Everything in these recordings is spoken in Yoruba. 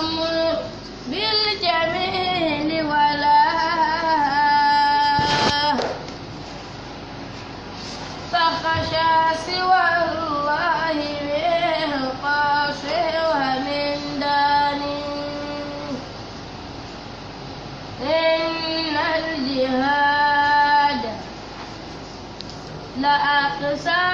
الأمر بالجميل ولا فخشى سوى الله من قاش ومن دان إن الجهاد لأقسام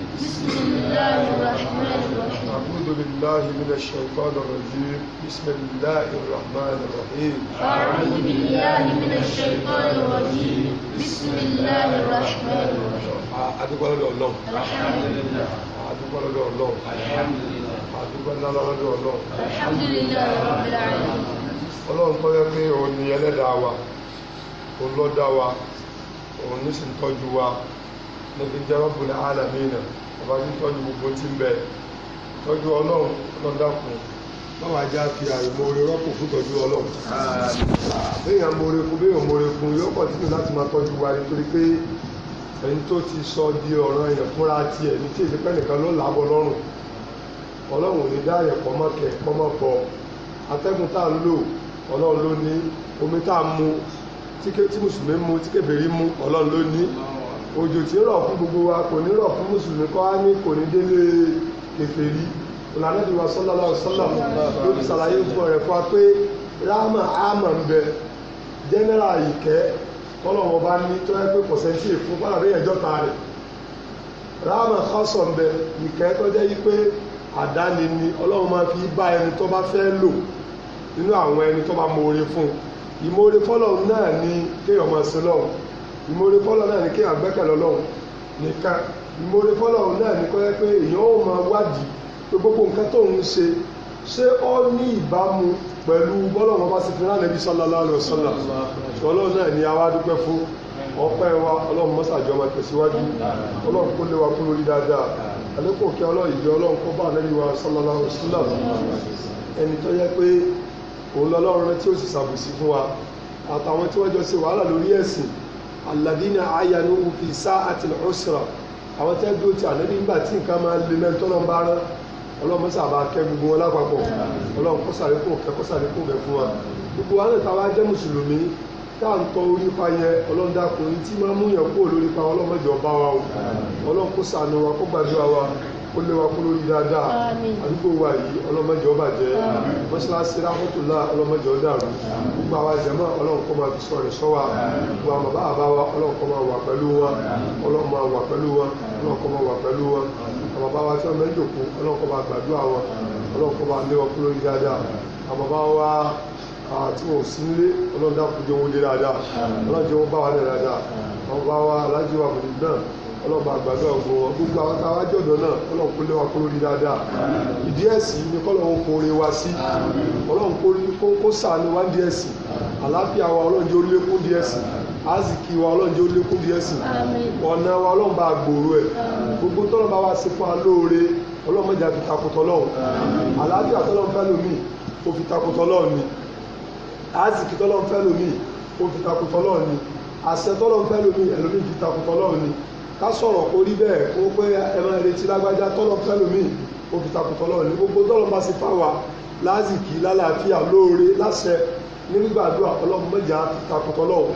بسم الله الرحمن الرحيم أعوذ بالله من الشيطان الرجيم بسم الله الرحمن الرحيم أعوذ بالله من الشيطان الرجيم بسم الله الرحمن الرحيم أدوك الله الحمدلله أدوك الله لله. أدوك الله الحمدلله لله. العالمين لله. tó yẹ pé òun ni ẹlẹ́dàá wa òun ló dá wa òun ní sì ń tọ́jú ló fi jẹ́ rọ́bùnà alàmìnà ọba tí tọ́jú gbogbo tí ń bẹ tọ́jú ọlọ́run lọ́dàkùn báwa já fi àìmọ oore rọ́pò fún tọ́jú ọlọ́run béèyàn mọ oore fún béèyàn mọ oore fún yóò pọ̀ títí láti máa tọ́jú wa nítorí pé ẹni tó ti sọ di ọ̀ràn èèyàn fúnra tiẹ̀ ní tí ìsìnkú ẹnìkan ló làbọ̀ lọ́rùn ọlọ́run ò ní dá àyẹ̀ pọ̀ mọ́kẹ́ pọ́ mọ́ bọ̀ atẹ́gùn tá à ń lò ọlọ́run ló ní omi tá à ń mu tí mùsùlùmí mu tí kébèrè mu ọlọ́run ló ní òjò tí ó rọ̀ fún gbogbo wa kò ní rọ̀ fún mùsùlùmí kọ́ á ní kò ní délé kèfèrí ọ̀làdẹ́bí wa sọ́lọ́lá ọ̀sọ́lá ló ti fún ọ̀rẹ́ fún wa pé ráàmà ama ń bẹ jẹ́nẹ́rà ìkẹ́ tọ́lọ́wọ́ bá ní tó yẹ pé pọ̀sẹ́ntì ni ọlọ́run máa fi bá ẹni tó bá fún ìmoore fọ́lọ́ náà ní kí àgbẹ́kẹ̀lé ọlọ́run nìkan ìmoore fọ́lọ́ náà ní kọ́ yẹ pé èèyàn ó máa wádìí pé gbogbo nǹkan tó ń ṣe ṣé ó ní ìbámu pẹ̀lú bọ́lọ́wọ́n bá ti fi rán Ànábì sallallahu alaihi wasallam ọlọ́run náà ni àwa dúpẹ́ fún ọpẹ́ wa ọlọ́run mọ́sàjọ́ máa tẹ̀síwájú ọlọ́run kó lé wa kú lórí dáadáa àlékò kí ọlọ́run ìjọ ọlọ́run kó bá Ànábì wa sallallahu alaihi wasallam ẹni tó yẹ pé òun lọ́lọ́run tí ó sì ṣàbùsí fún wa àtàwọn tí wọ́n jọ ṣe wàhálà lórí ẹ̀sìn alladhina ayanu fi sa'ati al-usra àwọn tẹ́ dúró ti ànábì nígbà tí nǹkan máa ń le mẹ́rin tọ́lọ́ ń bá rán ọlọ́run mọ́sà bá kẹ́ gbogbo wọn lápapọ̀ ọlọ́run kọ́sàrí kò kẹ́ kọ́sàrí kò bẹ̀ fún wa gbogbo wa náà táwa jẹ́ mùsùlùmí tá à ń tọ́ orí pa yẹn ọlọ́run dákun tí máa mú yàn kúrò lórí pa ọlọ́run mọ́jọ bá wa o ọlọ́run kó wa kó gbàdúrà wa ó léwa kú lórí dáadáa àdúgbò wa yìí ọlọ́mọdé ọba jẹ́ mọ́ṣáláṣí rákọ́tòlá ọlọ́mọdé ọ̀dàrú gbogbo àwa jẹ̀mọ́ ọlọ́run kọ́ máa fi sọ rẹ̀ sọ́wà gbogbo àwọn bàbá àbá wa ọlọ́run kọ́ máa wà pẹ̀lú wọn ọlọ́run máa wà pẹ̀lú wọn ọlọ́run kọ́ máa wà pẹ̀lú wọn àwọn bàbá wa tí wọ́n mẹ́jọ kú ọlọ́run kọ́ máa gbàdúrà wọn ọlọ́run máa léwa kú lórí dáadáa àti wọn ò sí nílé ọlọ́run dákú jẹ́ wọn dáadáa ọlọ́run jẹ́ wọn bá wa dé dáadáa àwọn wa aláàjì wa náà ọlọ́ba àgbàdo ọgbọ gbogbo àwọn náà ọlọ́run kó lé wa kúrò rí dáadáa ìdí ẹ̀sìn ni kọ́lọ́run kó re wa sí ọlọ́run kó rí kó sàánú wa díẹ̀ sí àlàáfíà wa ọlọ́run jẹ́ ó lékún díẹ̀ sí wa ọlọ́run jẹ́ ó lékún díẹ̀ ọ̀nà wa ọlọ́run bá gbòòrò ẹ̀ gbogbo tọ́lọ́ba wa sí fún wa lóore ọlọ́run mọ̀jà fi takùtọ̀ lọ́hùn àlàáfíà tọ́lọ́run fẹ́ lómi ó fi takùtọ̀ lọ́hùn ni aziki tọ́lọ́run fẹ́ lómi ó lómi fi takùtọ̀ lọ́hùn ni ká sọ̀rọ̀ kó rí bẹ́ẹ̀ kó pé ẹ máa retí lágbájá tọ́lọ̀ fẹ́lòmíì ó fi takùtọ̀ lọ́rọ̀ ní gbogbo tọ́lọ̀ bá ṣe fáwa lásìkí lálàáfíà lóore láṣẹ ní gbígbàdúrà ọlọ́run mẹ́jà takùtọ̀ lọ́wọ́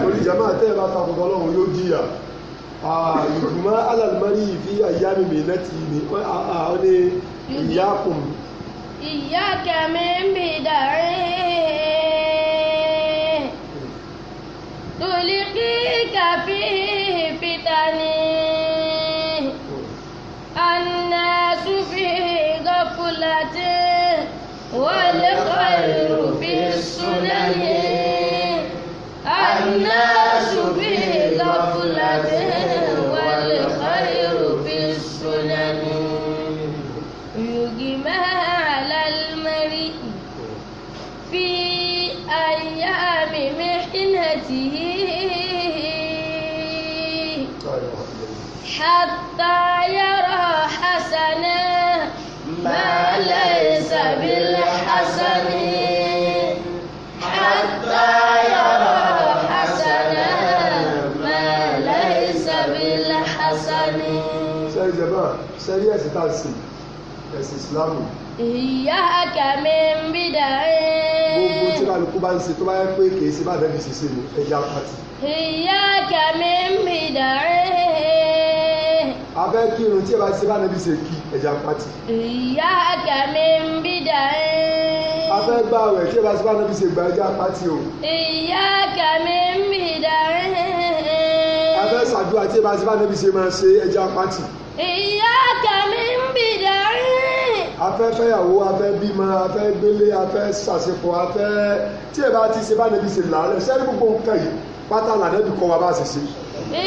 torí jàmáà tẹ́ ẹ bá takùtọ̀ lọ́wọ́ yóò jìyà ìgbìmọ̀ alàlùmọ́rí fi àyà mi mi lẹ́tì ní ọ̀nẹ́ ìyá kùn. ìyá kẹ̀mí ń bì dàrí hmm. tòlí kí kàfíì. بفتنه الناس في غفلة والخير في السنن الناس في غفلة sẹ́rí ẹ̀sìn tá a sè ẹ̀sìn ìsìlámù. ìyá kàmí ń bí dàrẹ́. gbogbo tí kálukú bá ń ṣe tó bá yẹ pé kì í bá bẹ́ẹ̀ fi ṣe ni ẹja pàtì. ìyá kàmí ń bí dàrẹ́. abẹ́ kírun tí ẹ bá ṣe bá nẹ́bí ṣe kí ẹja pàtì. ìyá kàmí ń bí dàrẹ́. abẹ́ gbà rẹ̀ tí ẹ bá ṣe bá nẹ́bí ṣe gbà ẹja pàtì o. ìyá kàmí ń bí dàrẹ́. abẹ́ ṣàdúrà tí ẹ bá ṣe bá nẹ́bí ṣe máa ṣe ẹja pàtì. ìyá afẹ́fẹ́yàwó afẹ́bímọ afẹ́gbélé afẹ́sàṣepọ̀ afẹ́ tí ẹ bá ti ṣe bá nẹbi ṣe làálẹ̀ sẹ́ni gbogbo nǹkan yìí pátá làdẹ́bí kọ́ wa bá ṣe ṣe.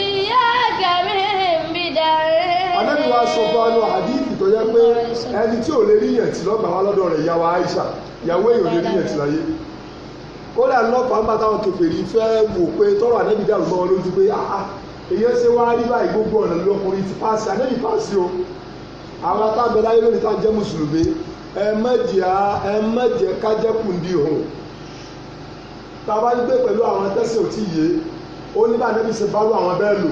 ìyá kẹ̀mí ń bí darí. àdẹ́bí wa sọ fún anu àdìsí tó yẹ pé ẹni tí ò lè rí yẹn tì lọ́gbà wa lọ́dọ̀ rẹ̀ ìyàwó Aisha ìyàwó èyí ò lè rí yẹn tì láyé. kódà lọ́pàá ń bá táwọn kèfèrí fẹ́ wò pé tọrọ àdẹ́bí dàrú mọ́ wọn lójú pé ah, ah, èyí ṣe wá rí báyìí gbogbo ọ̀nà lọ́kùnrin ti pàṣẹ àdẹ́bí pàṣẹ o àwọn atábẹ láyé lónìí tá à ń jẹ́ mùsùlùmí ẹ mẹ́jẹ̀ ẹ mẹ́jẹ̀ kájẹ́kù ndí òun tá a bá ń gbé pẹ̀lú àwọn tẹ́sí òtí yé ó ní bá nẹ́bí ṣe bá rú àwọn bẹ́ẹ̀ lò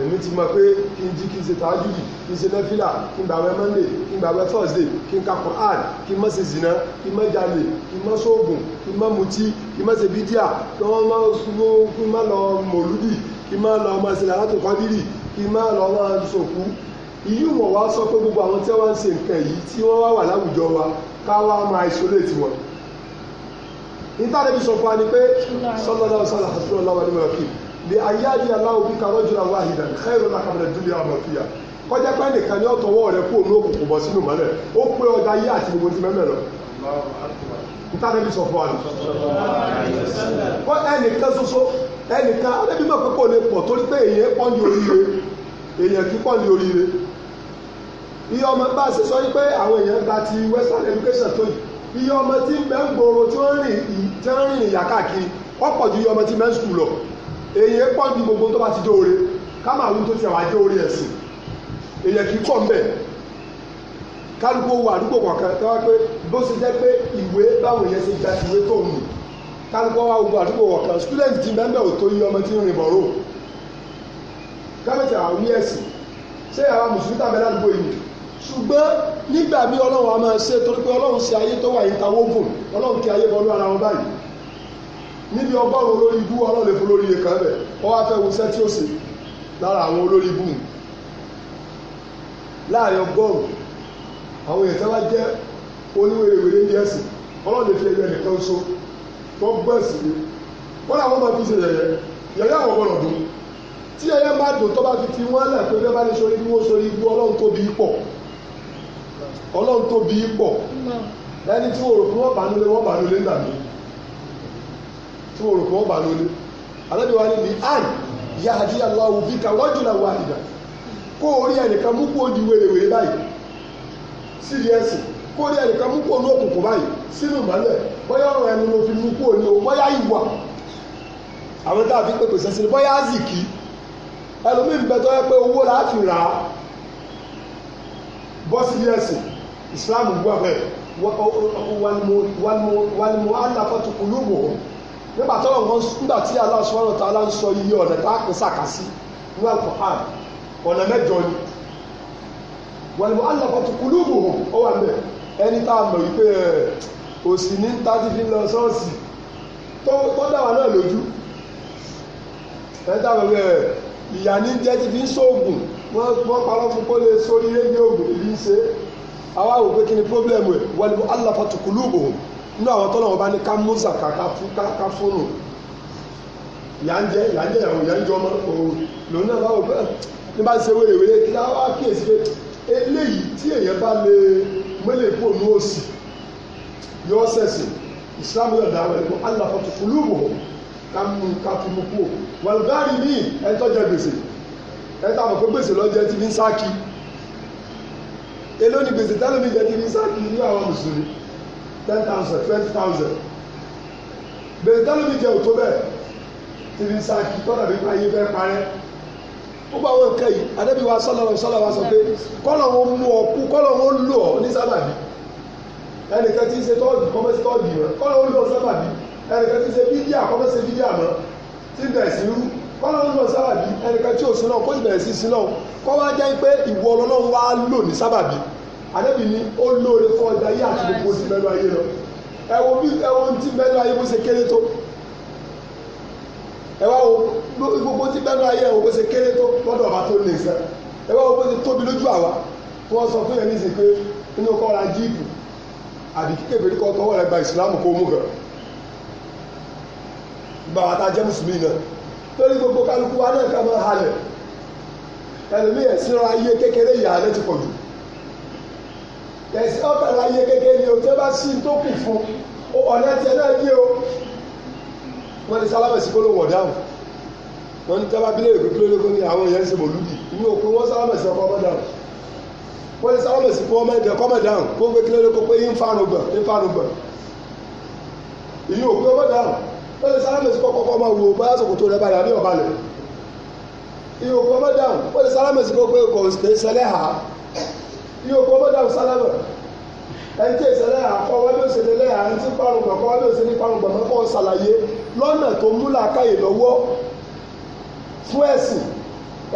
èmi ti mọ̀ pé kí n jí kí n ṣe tàájú yìí kí n ṣe lẹ́fílà kí n gbàwẹ̀ monday kí n gbàwẹ̀ thursday kí n ka quran kí n má ṣe zina kí n má jalè kí n má ṣoògùn kí n má mutí kí n má ṣe bídíà kí wọ́n má sùnwó kí n má lọ mọ̀lúdì kí n má lọ ọmọ ìṣẹ̀lẹ̀ alátòkọ́dírì kí n má lọ ọmọ ìṣòkú ìyí wọn wá sọ pé gbogbo àwọn tí wọ́n ń ṣe nǹkan yìí tí wọ́n wá wà láwùjọ wa ká wá máa isolate wọn nítàdébí sọ fún wa ni pé sọlọ́dọ̀ sọlọ́ àtúrò ọlọ́wà ní mọ̀ọ́kì lè ayé àdìyẹ aláwọ̀ bí karọ́ jùlọ wá ìdá xẹ́rọ lákàbẹ̀rẹ̀ dúlé àwọn ọ̀fìyà kọjá pé nìkan ní ọ̀tọ̀wọ́ rẹ̀ kó ní òkùnkùn bọ̀ sínú mọ́lẹ̀ ó pé ọjà ayé àti gbogbo ti mẹ́mẹ́ lọ nítàdébí sọ fún wa ni. kọ ẹnìkan ṣoṣo ẹnìkan alẹ́bí mọ̀ pé kò lè pọ̀ torí pé èèyàn pọ́ndì oríire èèyàn kí pọ́ndì oríire iye ọmọ bá ṣe sọ pé àwọn èèyàn gba ti western education tó yìí iye ọmọ tí ń bẹ ń gbòòrò tí wọ́n rìn tí wọ́n rìn ìyà káàkiri ọ̀pọ̀ ju iye ọmọ tí mẹ́ ń sùkúl lọ èyí pọ̀ ju gbogbo tó bá ti dóore káma àwọn tó ti àwọn ajé orí ẹ̀sìn èyí kì í pọ̀ mbẹ̀ kálukú wo àdúgbò kọ̀ọ̀kan tó wá pé bó ṣe jẹ́ pé ìwé báwo yẹn ṣe gba ìwé tó mú kálukú wa àdúgbò kọ̀ọ̀kan student ti mẹ́mbẹ́ ò tó iye ọmọ tí ń rìn bọ̀rọ̀ kábẹ́tì àwọn oní ẹ̀sìn ṣé àwọn mùsùlùmí tàbí ládùúgbò yìí ṣùgbọ́n nígbà míì ọlọ́run a máa ṣe torí pé ọlọ́run ṣe ayé tó wà yìí ta wógò ọlọ́run kí ayé bọ́lú ara wọn báyìí níbi ọgọ́rùn olórí ibú ọlọ́run lè fún olórí iye kan bẹ̀ ọ wá fẹ́ wuṣẹ́ tí ó ṣe lára àwọn olórí ibú láàrin ọgọ́rùn àwọn èèyàn tó bá jẹ́ oníwèrèwèrè ní ẹ̀sìn ọlọ́run lè fi ẹyọ ẹnìkan so tó gbẹ̀sì ni wọ́n làwọn máa fi ṣe yẹ̀yẹ́ yẹ̀yẹ́ àwọn ọgbọ́n ọ̀dún tí ẹyẹ bá dùn tó bá fi ti wọ́n lẹ̀ pé bẹ́ẹ̀ bá ní sori bí wọ́n sori ibú ọlọ́run tóbi pọ̀ ọlọ́run tóbi pọ̀ ẹni tí wọ́n rò pé wọ́n bá nulẹ̀ wọ́n bá nulẹ̀ nígbà mi tí wọ́n rò pé wọ́n bá nulẹ̀ ya hadi Allahu bika rajulan wahida kó o rí ẹnìkan mú kó o di báyìí kó o rí ẹnìkan mú kó o ní òkùnkùn báyìí sínú ìmọ̀lẹ̀ bóyá ọ̀rọ̀ ẹnu ló fi mú kó o ní o bóyá ìwà àwọn bóyá ẹlòmíì ń bẹ tó bọ́ sí ilé ẹ̀sìn islam gbọ́ bẹ́ẹ̀ wàlùmọ́ aláfọ́tò kùlùmọ́ nígbà tọ́lọ̀ wọn nígbà tí Allah subhanahu wa ta'ala ń sọ iye ọ̀nà tá a kún sàkásí ní Al-Qur'an ọ̀nà mẹ́jọ ni wàlùmọ́ aláfọ́tò kùlùmọ́ ọ wà bẹ́ẹ̀ ẹni tá a mọ̀ wípé òsì ní ń tájú fi lọ sọ́ọ̀sì tó dáwà náà lójú ẹni tá a mọ̀ wípé ìyá ní jẹ́ ti fi ń sóògùn wọ́n wọ́n parọ́ fún kó lè sórí rédíò ògùn bí í ṣe àwa wò pé kí ni pọ́blẹ́mù ẹ̀ wọ́n ní aláfàtú kùlùbù nínú àwọn tọ́lọ̀ wọn bá ní ká múzà ká fóònù ìyá ń jẹ ìyá ń jẹ ìyàwó ìyá ń jẹ ọmọ òun lòun náà bá wò pé ní bá ń ṣe wéyèwéyè kí láwa kíyèsí pé eléyìí tí èèyàn bá lè mẹ́lẹ̀ pò ní òsì yọ sẹ̀sì ìsìlámù yọ̀ dáwọ̀ ẹ̀kọ́ aláfàtú kùlùbù ká mú ká fi mú kú wàlúgárì ní ẹ̀tọ́jọ gbèsè ẹ ta mọ̀ pé gbèsè lọ́jọ́ ti fi ń sáàkì èló ni gbèsè tẹ́lómi jẹ́ ti fi ń sáàkì ní àwọn mùsùlùmí ten thousand twenty thousand gbèsè tẹ́lómi jẹ́ òtó bẹ́ẹ̀ ti fi ń sáàkì tọ́lá mi máa yí fẹ́ parẹ́ ó bá wọn kẹ́yìn adébíwá sọ́lọ́wọ́ sọ́lọ́wọ́ sọ pé kọ́lọ̀ wọn mú ọ kú kọ́lọ̀ wọn lò ọ ní sábàbí ẹnìkan tí ń ṣe tọ́ọ̀dì kọ́mẹ́sì tọ́ọ̀dì rẹ kọ́lọ̀ wọn lò ọ sábàbí ẹnìkan tí ń ṣe bídíà kọ́mẹ́sì bídíà mọ́ tí ń bẹ̀ sí rú kọ́lọ́run náà sábàbí ẹnìkan tí ò sí náà kó sì bẹ̀rẹ̀ sí sí náà kọ́ wá jẹ́ pé ìwọ ọlọ́run wá lò ní sábàbí àdébì ni ó lóore fún ọjà yé àti gbogbo ti mẹ́nu ayé lọ ẹ wo bí ẹ wo ti mẹ́nu ayé bó ṣe kéré tó ẹ wá wo gbogbo ti mẹ́nu ayé ẹ wo bó ṣe kéré tó lọ́dọ̀ ọba tó lè sẹ́ ẹ wá wo bó ṣe tóbi lójú àwa wọ́n sọ fún yẹn ní inú kọ́ ra jíìpù àbí kékeré kọ́ gba ìsìlámù kó mú tá a jẹ́ mùsùlùmí lórí gbogbo kálukú wa náà ká máa halẹ̀ ẹlòmí ẹ̀sìn ra ayé kékeré ìyá rẹ ti pọ̀ jù ẹ̀sìn ọ̀kàrà ayé kékeré ni o tí wọ́n bá sí tó kù fún ọ̀nà tiẹ̀ náà dé o wọ́n ti sálámẹ̀ sí gbólóhùn ọ̀dáhùn wọ́n ní tábà bílẹ̀ èkó kílódé kó ní àwọn èèyàn ṣe mòlúdì inú òkú wọ́n sálámẹ̀ sí ọkọ̀ ọmọ dáhùn wọ́n ti sálámẹ̀ sí kọ́ ọmọ ẹ̀dẹ̀ kọ́ ọmọ dáhùn kó gbé kílódé kó pé ń fánu gbọ̀n ń fánu gbọ̀n inú òkú ọmọ dáhùn ó lè sálámù sí kọ́kọ́ ọmọ wò bá sòkòtò rẹ balẹ̀ àbí ọ̀balẹ̀ ìyóò kọ́ ọmọ dáhùn ó lè sálámù sí kọ́kọ́ ẹ̀kọ́ òsìkè sẹlẹ̀ ha ìyóò kọ́ ọmọ dáhùn sálámù ẹni tí ìṣẹ̀lẹ̀ ha kọ́ wọ́n bí ó ṣe lé lẹ́yà ẹni tí parun gbọ̀n kọ́ wọ́n bí ó ṣe ní parun gbọ̀n kọ́ ṣàlàyé lọ́nà tó mú làákàyè lọ́wọ́ fún ẹ̀sìn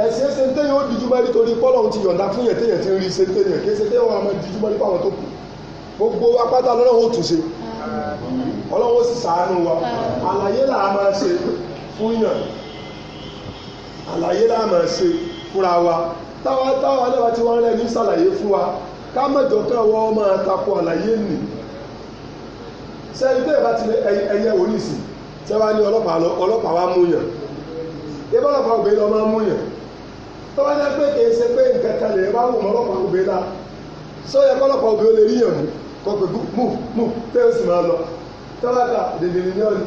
ẹ̀sìn ẹ̀sìn téèyàn ó dijú mẹ́rin torí pọ́lọ́hún ti yọ̀ǹda fún yẹn téèyàn ti ń rí ṣe téèyàn kí ẹ̀sìn téèyàn wà máa dijú mẹ́rin fáwọn tó kù gbogbo apáta lọ́nà ó tún ṣe ọlọ́wọ́ sì sàánú wa ah. àlàyé là á máa ṣe fún yàn àlàyé là á wa táwa táwa náà ti wọ́n rẹ́ ní sàlàyé fún wa ká mọ̀jọ kan wọ́n máa takò àlàyé nì sẹ́yìn bẹ́ẹ̀ bá ti ẹyẹ wò ní ọlọ́pàá ọlọ́pàá wa mú yàn ebi ọlọ́pàá lọ máa mú yàn náà pé ṣe pé nǹkan kan lè bá wù mọ́ ọlọ́pàá la sọ yẹ tálákà dèdèrè ní ọ̀nì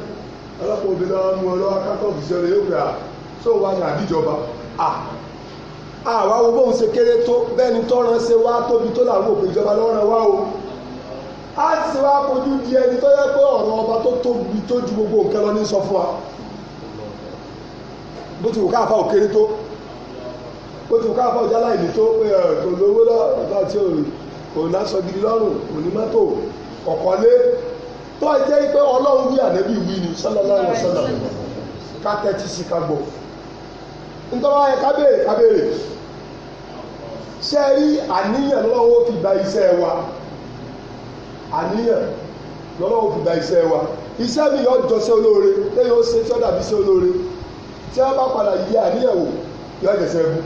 ọlọ́pàá obìnrin náà mú ọlọ́wọ́ akátọ́ọ̀fù sọ̀rọ̀ yóò pè á tó wà ní àdíjọba à àwa wo bóun ṣe kéré tó bẹ́ẹ̀ ni tọ́ran ṣe wá tóbi tó làwọn òpè ìjọba lọ́ràn wá o á ti ṣe wá fojú di ẹni tó yẹ pé ọ̀rọ̀ ọba tó tóbi tó ju gbogbo nǹkan lọ ní sọ fún wa bó ti wù káàfà òkéré tó bó ti wù káàfà ọjà láìní tó pé ẹ kò lówó lọ àti òrì kò lásọ gidi lọ́rùn kò ní mọ́tò kọ̀kọ́lé tó ẹ jẹ́ pé ọlọ́run wí ànábì ni sallallahu alaihi wasallam ká tẹ́tí sí ká gbọ́ nítorí ṣé ẹ rí àníyàn lọ́wọ́ fi ba iṣẹ́ wa àníyàn lọ́wọ́ fi iṣẹ́ wa iṣẹ́ mi yọ jọṣẹ́ olóore lẹ́yìn ṣe olóore bá padà yí àníyàn wò yọ bú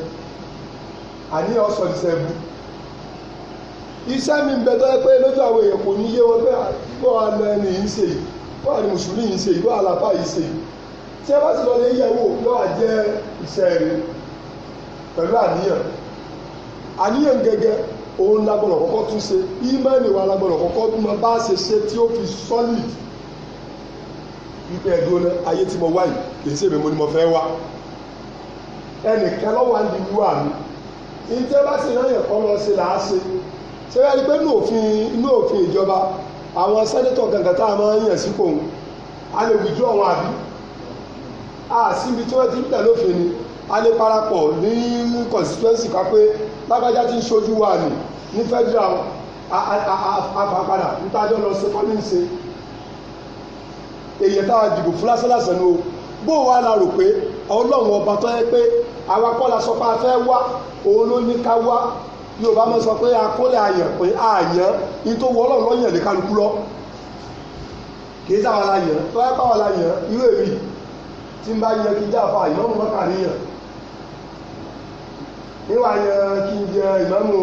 àníyàn bú iṣẹ́ mi ń bẹ pé lójú àwọn èèyàn kò ní yé bó wàá lọ ẹni yìí ṣe yìí bó wàá ní mùsùlùmí yìí ṣe yìí bó wàá lápá yìí ṣe yìí tí ẹ bá ti lọ lé yẹ̀wò lọ́wọ́ jẹ́ iṣẹ́ rẹ pẹ̀lú àníyàn àníyàn gẹ́gẹ́ òun lagbọ̀nà kọ́kọ́ tún ṣe ímẹ́ẹ̀lì wa lagbọ̀nà kọ́kọ́ tún mọ bá ṣe ṣe tí ó fi solid wípé ẹ̀dùn ọ̀nà ayé tí mo wá yìí kì í ṣe èmi mo ni mo fẹ́ wá ẹnìkan lọ́wọ́ àǹdí wíwá mi ìjẹ́ bá ṣe náà yẹn kọ́ lọ ṣe làá ṣe ṣe wá pé inú òfin inú òfin ìjọba àwọn sẹ́nẹ́tọ̀ kankan tá a máa ń yàn sí kò ń a lè wùjú àwọn àbí a síbi tí wọ́n ti ń tẹ̀lé òfin ni a lè parapọ̀ ní constituency ká pé lágbájá ti ń ṣojú wa nì ní federal afapadà nítajọ́ lọ sí kọ́lí ń ṣe èyí tá a dìbò fún lásánlásán ni o bó wa la rò pé ọlọ́run ọba tó yẹ pé àwa kọ́ la sọ pé a fẹ́ wá òun ló ní ká wá yorùbá máa sọ pé akólẹ̀ àyàn pé àyàn ní tó wọ́ ọlọ́run lọ́yàn lè kálukú lọ kìí sáwọn aláyàn tó wáyé pàwọn aláyàn irú èmi tí ń bá yan kí jẹ́ àfa àyàn mọ́ kàníyàn níwà yan kí n jẹ ìmáàmù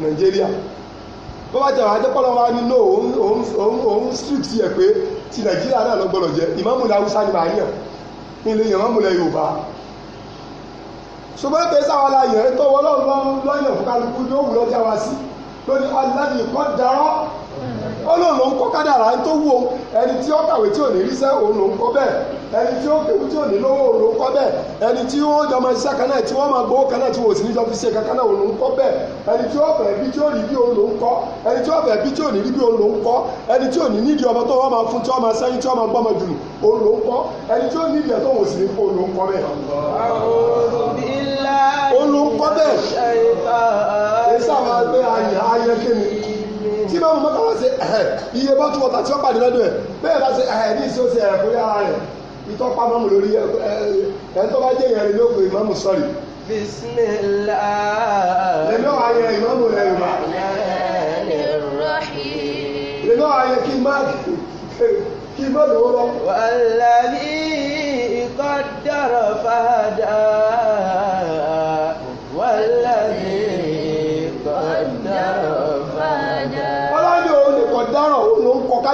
nàìjíríà bó bá jẹ àwọn ajẹ́pọ̀lọ́ wa ní náà òun strict yẹ pé ti nàìjíríà náà lọ gbọ́dọ̀ jẹ ìmáàmù ní haúsá ni màá yàn ní ilé lẹ yorùbá ṣùgbọ́n ètò ìsáwá la ètò ọlọ́run lọ́yẹ̀ fún kálukú ni ó wù lọ́jà wá sí lórí aláàbì kọ́ darọ́ ọlọ́run ló ń kọ́ kádàrá tó ẹni tí ó kàwé tí ẹni tí ó tí ò ní lówó òun ló ń ẹni tí ó jọ máa ṣiṣẹ́ kan tí wọ́n máa gbowó kan náà tí wọ́n sì ní jọ fi ṣe kankan náà òun ló ń kọ́ bẹ́ẹ̀ ẹni tí ó fẹ́ bí tí ó rí bí òun ló ń kọ́ ẹni tí ó fẹ́ bí tí ò ní rí bí òun ló ẹni tí ò ní nídìí ọmọ kọ́ bẹ́ẹ̀ kì gbé ayẹ ayẹ kéne tí bá mo mọ́tàlá ṣe iye bọ́tù wọ́tà tí ó pàdé lọ́dún ẹ̀ bẹ́ẹ̀ bá ṣe ní ìṣó ṣe ẹ̀rẹ̀ fún yàrá rẹ̀ ìtọ́pá mọ́mù lórí ẹ̀ tó bá jẹ́ ìyẹn rẹ̀ ló pe ìmọ̀mù sọ́ọ̀rì. bismillah. lèmi ọ̀ ayẹ ìmọ̀mù rẹ̀ yorùbá. lèmi ọ̀ ayẹ kí má kí má lówó lọ. wàlàbí ìkọ́ dọ̀rọ̀ fàdà.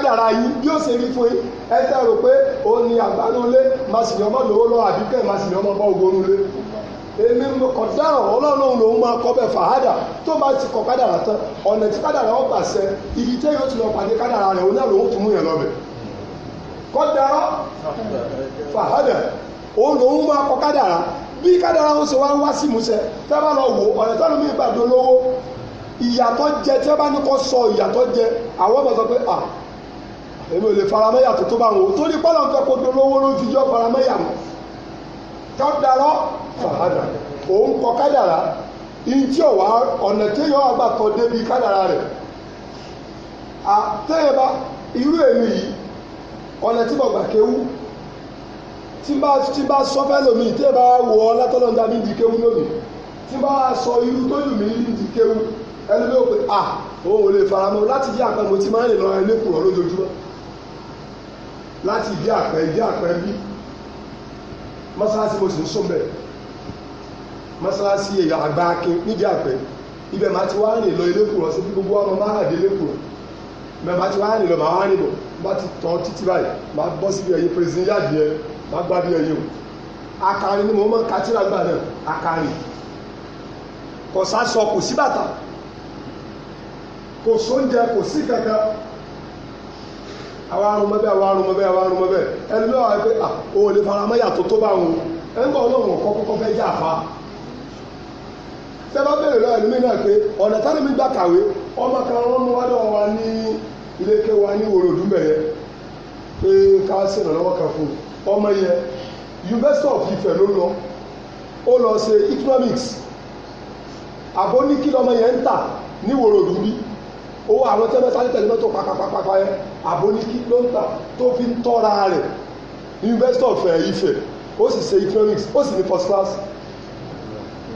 kádàrá yín bí ó ṣe rí fún yín ẹ tẹ́ rò pé ó ní àgbánulé máa sì yọmọ lówó lọ àbí kẹ́ máa sì yọmọ bá ògbónú lé èmi ọ̀daràn ọlọ́run lòun máa kọ́ bẹ́ẹ̀ fàhádà tó bá ti kọ̀ kádàrá tán ọ̀nà tí kádàrá wọn pàṣẹ ibi tẹ́ yóò ti lọ pàdé kádàrá rẹ̀ òun náà lòun tún mú yẹn lọ́bẹ̀ kọ́dára fàhádà òun lòun máa kọ́ kádàrá bí kádàrá ó ṣe wá ń wá sí ìmúṣẹ tẹ́ bá lọ wò ọ̀nà tọ́nu mi gbàdúró lówó ìyàtọ̀ jẹ tí wọ́n bá ní kọ́ sọ ìyàtọ̀ jẹ àwọn ọmọ sọ pé èmi ò lè faramẹ́yà tó tó bá wọn tó ní pọ́lọ́ nǹkan kó dolówó ló fi jọ́ faramẹ́yà mọ́ kọ́darọ́ fàhádà òun kọ kádàrá ìjì ọ̀wá ọ̀nà téèyàn àgbà tọ́ débi kádàrá rẹ̀ àtẹ́yẹ irú èmi yìí ọ̀nà tí mo gbà kéwú tí bá tí bá sọ fẹ́ lómi tẹ́ bá wọ ọ látọ́lọ́ ní abíyí kéwú lónìí tí bá sọ irú tó lù mí ní kéwú ẹni ló pe à òun ò lè faramọ́ láti jẹ́ àpamọ́ tí máa ń lè lọ ẹni kùrọ̀ lójoojúmọ́. láti ìdí àpẹ ìdí àpẹ bí mọ́sálásí mo sì ń sún bẹ̀ mọ́sálásí èyà àgbà akin nídí àpẹ ibẹ̀ ma ti wá rìn lọ ilékùrọ̀ sí gbogbo ọmọ máràdé ilékùrọ̀ mẹ́ ti wá rìn lọ máa rìn ti tọ́ títí báyìí máa bọ́ síbi ẹ̀yìn pèsè yáàdì ẹ máa gbá bí o akari ni mo mọ̀ kátìrà gbà náà akari kọ̀sá sọ kò sí bàtà kò sóúnjẹ kò sí kankan àwa arun mọ́bẹ́ àwa arun mọ́bẹ́ àwa arun mọ́bẹ́ ẹni lọ́wọ́ wípé à o ò lè fara mọ́ yàtọ̀ tó bá wọn ẹni bọ́ ọlọ́run ọ̀kọ́ kọ́kọ́ fẹ́ jẹ́ àfa sẹ́fà bèrè lọ́wọ́ ẹ̀lú mi náà pé ọ̀nà táwọn mi gbà kàwé ọmọ kan wọ́n mú wádọ̀ wa ní ilé ké wa ní wòlò dúmbẹ̀ yẹ pé ká ṣèrànlọ́wọ́ kan fún ọmọ yẹ University of Ife ló lọ ó lọ ṣe economics àbóníkí lọmọ yẹn ń tà ní wòlò dúmbí owó àwọn tẹ́lẹ̀ sáré tẹ̀lé mọ́tò pàpàpàpà yẹn àbóníkí ló ń tà tó fi ń tọ́ra rẹ̀ investor fẹ̀ ife ó sì ṣe economics ó sì ní first class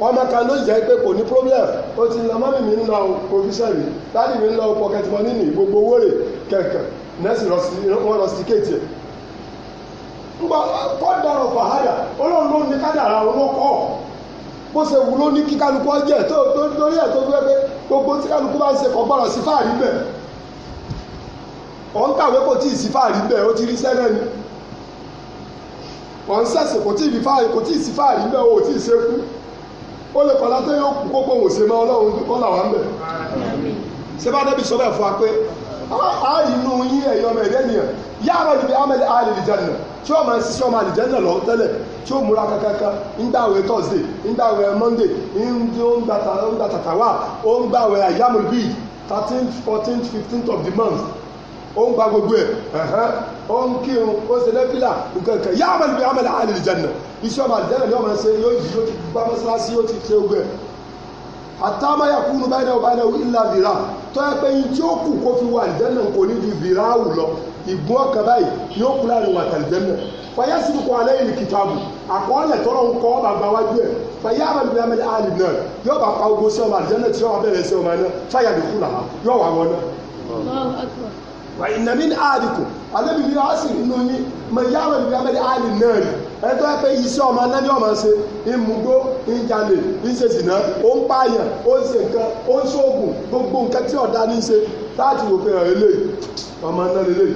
ọmọ kan ló jẹ́ pé kò ní problem ó ti lọ mọ́mí mi ń lọ provision dáàdì gbogbo owó rẹ̀ kẹ̀kẹ́ nẹ́ẹ̀sì wọ́n lọ sí kéètì ẹ̀ ngba kọ́dàrọ̀ ọlọ́run ló ní ọlọ́kọ̀ bó ṣe ní kíkálukọ́ jẹ́ tó tó gbogbo tí kálukú bá ń ṣe kọ́ gbọ́dọ̀ sí fáàrí bẹ̀ ọ̀ ń kàwé kò tí ì sí fáàrí bẹ̀ ó ti rí sẹ́lẹ̀ ni ọ̀ ń sẹ̀sẹ̀ kò tí ì fáàrí kò tí ì sí fáàrí bẹ̀ ó tí ì ṣe kú ó lè kọ́lá tó yóò kú kó pé òun ṣe mọ́ ọlọ́run kọ́ làwọn bẹ̀ ṣé bá débi sọ bẹ́ẹ̀ fún wa pé á inú yín ẹ̀yọ́ yára olùbí amẹ́lẹ́ alìlìjẹ́nà tí ó máa ń ṣiṣẹ́ ọmọ alìjẹ́nà lọ tẹ́lẹ̀ tí ó múra kankankan ń gbàwẹ̀ thursday ń gbàwẹ̀ monday ń gbà tàtàwà ó ń gbàwẹ̀ ayámọ̀lùbí thirteen fourteen fifteen of the month ó ń gba gbogbo ẹ̀ ó ń kírun ó ṣe lẹ́fílà nǹkankan yára olùbí amẹ́lẹ́ alìlìjẹ́nà iṣẹ́ ọmọ alìjẹ́nà ni ó máa ń ṣe yóò yí yóò ti gbá mọ́ṣáláṣí yóò ti ṣe gbogbo ẹ̀ àtàmà yakunu báyìí náà báyìí náà ilà bìrà tó yẹ pé yín tí ó kù kó fi wà àlìjẹ́nà kò ní ju bìrà àwù lọ ìgún ọkàn báyìí yóò kú láàrin wà tàlìjẹ́mẹ̀ fàyà sídùkọ alẹ́ yìí kìtàbù àkọọ́lẹ̀ tọ́lọ̀ ń kọ́ ọba gbáwájú ẹ̀ fàyà abẹ́bí amẹ́lẹ́ alì náà yóò bá pa ogun sí ọmọ àlìjẹ́mẹ̀ tí wọ́n bẹ̀rẹ̀ sí ọmọ náà fàyà dìkú là yóò wà wọn náà. wà ìnàmí ní àdìkù alẹ́ bíbí wá sí inú yín mọ ìyá abẹ́bí amẹ́lẹ́ alì náà rí ẹtọ́ ẹ pé iṣẹ́ ọmọ náà ọmọ ṣe ìmúgbó ìjalè ìṣèṣìná ó ń pààyàn ó ń ṣe nǹkan ó ń ṣoògùn gbogbo nǹkan tí ọ̀dà ní ṣe láti wò pé ẹ̀ lè ọmọ náà lè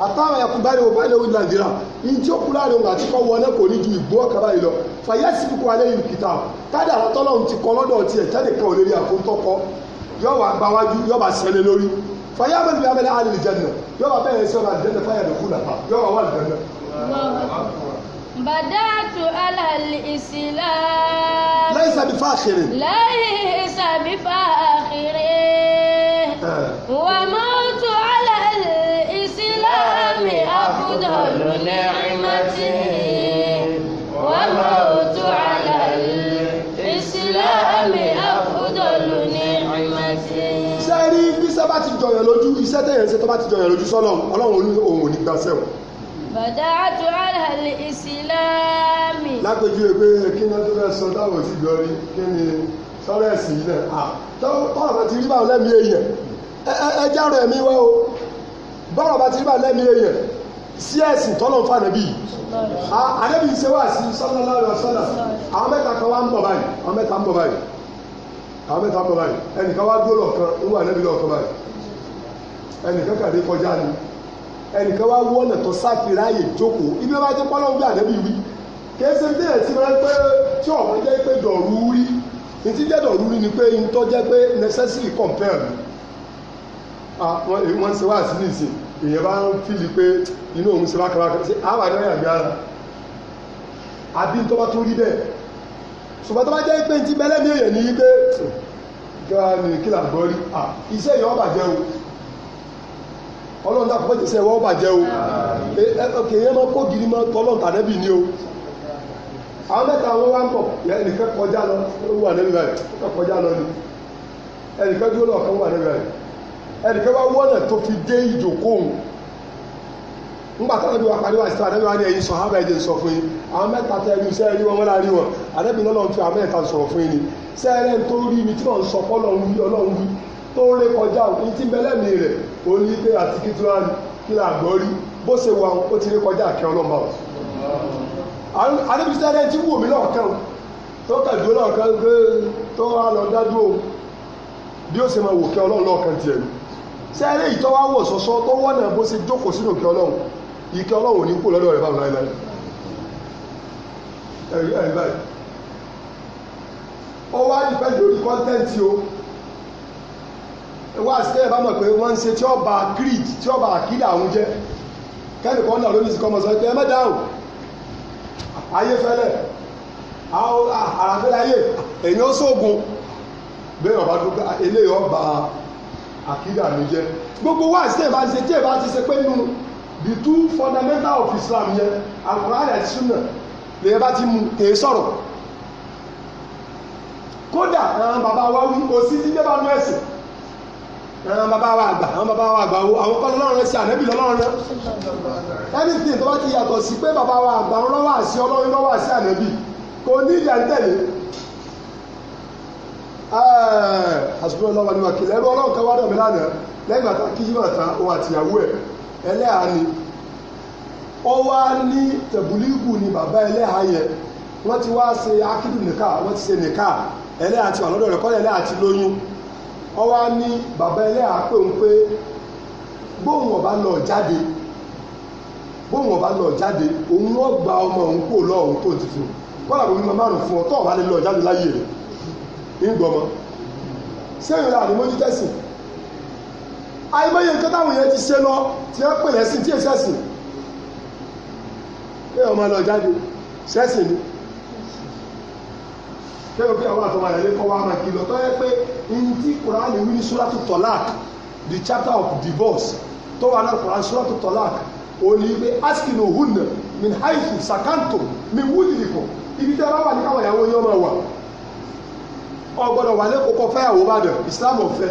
àtàwọn ẹkùn báyìí wọn báyìí wọn ní nàìjíríà ní tí ó kú láàrin òun àti kọ́ wọlé kò ní ju ìgbó ọ̀kà báyìí lọ fàyà síbùkù alẹ́ yìí kìtà kádà àtọ́lọ́hún ti kọ́ lọ́dọ̀ tiẹ̀ tẹ́lẹ̀ kan ò lè rí àkóńtọ́kọ́ yóò wá gba bá sẹ́lẹ̀ lórí fàyà bẹ́ẹ̀ bí abẹ́lẹ́ alẹ́ ìjẹ́nà yóò bá bẹ́ẹ̀ sọ́nà àdéhùn fàyà lè kú nàpá yóò wá wà lẹ́nu. بدأت على الإسلام bá ti jọyàn lójú iṣẹ́ tẹ̀yàn ṣe tó bá ti jọyàn lójú sọ́lọ̀ ọlọ́run ní òun ò ní gbà sẹ́wọ̀n. bàdá àtò àlàlẹ̀ ìsìlámì. lápèjúwe pé kí ni ọdún mẹ́sàn táwọn ò sì jọ rí kí ni sọ́rọ̀ ẹ̀sìn yìí náà tọ́rọ̀ bá ti rí báwọn lẹ́mìí èèyàn ẹ ẹ járe ẹ̀mí wá o bọ́rọ̀ bá ti rí báwọn lẹ́mìí èèyàn sí ẹ̀sìn tọ́lọ́n fún ànábì ànábì ṣe wá sí sallallahu alaihi wasallam àwọn mẹ́ta kan wá ń bọ̀ báyìí àwọn mẹ́ta ń bọ̀ báyìí àwọn mẹ́ta ń bọ̀ báyìí ẹnìkan wá dúró lọ́ọ̀kan ń wà ànábì lọ́ọ̀kan báyìí ẹnìkan kàdé kọjá ni ẹnìkan wá wú ọ̀nà tó sáfìrà yè jókòó ibi bá ti pọ́lọ́ gbé ànábì wí kèése bí ẹ̀ ti máa ń pé tí ọ̀pọ̀ jẹ́ pé dọ̀rú rí ntí jẹ́ dọ̀rú rí ni pé ntọ́ jẹ́ pé necessary compare mi wọ́n ń ṣe wá sí nísìnyí èèyàn bá ń fìlì pé inú òun ṣe bákàbákà ṣe àwọn àdáyà àgbà ara àbí tó bá tún rí bẹ́ẹ̀ ṣùgbọ́n tó bá jẹ́ pé ti bẹ́lẹ́ mi èèyàn ní pé kíra ni kíra gbọ́ rí iṣẹ́ èèyàn bàjẹ́ o ọlọ́run dàpọ̀ mọ́jọ iṣẹ́ ìwọ́ bàjẹ́ o èèyàn máa kó gidi mọ́ tọ́lọ́run tàdẹ́bì ni o àwọn mẹ́ta wọn wá ń bọ̀ ẹnìkan kọjá lọ wà nẹ́bí báyìí ẹnìkan kọjá lọ ni ẹnìkan dúró lọ́ọ̀kan wà nẹ́bí báyìí ẹnìkan wá wọ́nà tó fi dé ìjòkóhùn ńgbà wa parí wa sísá ní ẹ̀yin sọ ha bẹ́ẹ̀ jẹ́ sọ fún yín àwọn mẹ́ta tẹ ẹni sẹ́ẹ̀ rí wọn wọ́n wọn fún ni sẹ́ẹ̀rẹ́ tó rí mi tí wọ́n sọ fọ́ lọ́run wí wí tó lé kọjá bẹ́lẹ́mì rẹ̀ ní pé àti kí là gbọ́ rí bó ṣe wà ó sẹ́ẹ̀rẹ́ ìtọ́wáwọ̀ sọ́sọ́ tó wọ́n náà bó ṣe jókòó sínú ìkẹ́ ọlọ́run ìkẹ́ ọlọ́run ní kú lọ́dọ̀ rẹ̀ báwọn láìláì ẹ̀rí báyìí ó wá nípa lórí kọ́ńtẹ́ǹtì o wá sí tẹ́lẹ̀ bá mọ̀ pé wọ́n ń ṣe tí ó ba creed tí ó ba àkídà àwọn jẹ́ kẹ́nìkan náà lórí ìsìnkọ́ mọ̀sán tẹ́ mẹ́ta o ayé fẹ́lẹ̀ àràfẹ́lẹ̀ ayé èyí ó sóògùn bẹ́ẹ̀ ọ̀bá dúpẹ́ eléyìí a àkídà mi jẹ́ gbogbo wá sí ẹ̀bá ṣe tí ẹ̀bá ti ṣe pé nínú the two fundamental of Islam yẹn Al-Qur'an àti Sunnah lèyẹ bá ti mú kèé sọ̀rọ̀ kódà àwọn bàbá wa wí kò sí sílé bá nú ẹ̀sìn àwọn bàbá wa àgbà àwọn bàbá wa àgbà wo àwọn kọ́lọ́ lọ́rùn ẹ̀sìn ànẹ́bì lọ́rùn rẹ̀ anything tó bá ti yàtọ̀ sí pé bàbá wa àgbà ń lọ́wọ́ àṣì ọlọ́run lọ́wọ́ àṣì kò ní ìyà ń tẹ̀lé àṣùgbọ́n ọlọ́wọ́ wani wà kí lẹ́rú ọlọ́run kan wá dọ̀ mí lánàá lẹ́yìn bàtà kí yíwà tán òun àtìyàwó ẹ̀ ẹlẹ́hàá ni ó wá ní tẹ̀bùlígù ni bàbá ẹlẹ́hàá yẹn wọ́n ti wá ṣe akídù nìka wọ́n ti ṣe nìka ẹlẹ́hàá ti wà lọ́dọ̀ rẹ̀ kọ́lẹ̀ ti lóyún ní bàbá pé òun pé bóun ọba lọ jáde bóun ọba lọ jáde òun ọmọ òun kò lọ òun tó ti ìgbọ̀mọ́ sẹ́yìn àní mójú tẹ̀sìn àìmọye nǹkan táwọn èèyàn ti ṣe lọ tí wọ́n pè lẹ́sìn tí èsì ẹ̀sìn pé ọmọ lọ jáde sẹ́sìn ni pé o kí àwọn àtọmọ rẹ̀ lé kọ́ wa máa kìlọ̀ tó yẹ pé n tí Kùránì wí ní Suratu Talaq the chapter of divorce tó wà náà Kùránì Suratu Talaq òní pé askinu hunna min haifu sakanto min wulidikum ibi tẹ́ bá wà ní káwọn ìyàwó yẹn máa wà ọgbọ́dọ̀ wà lẹ́kọ̀ọ́ kọ fẹ́yàwó bàdàn Islam ọ̀fẹ́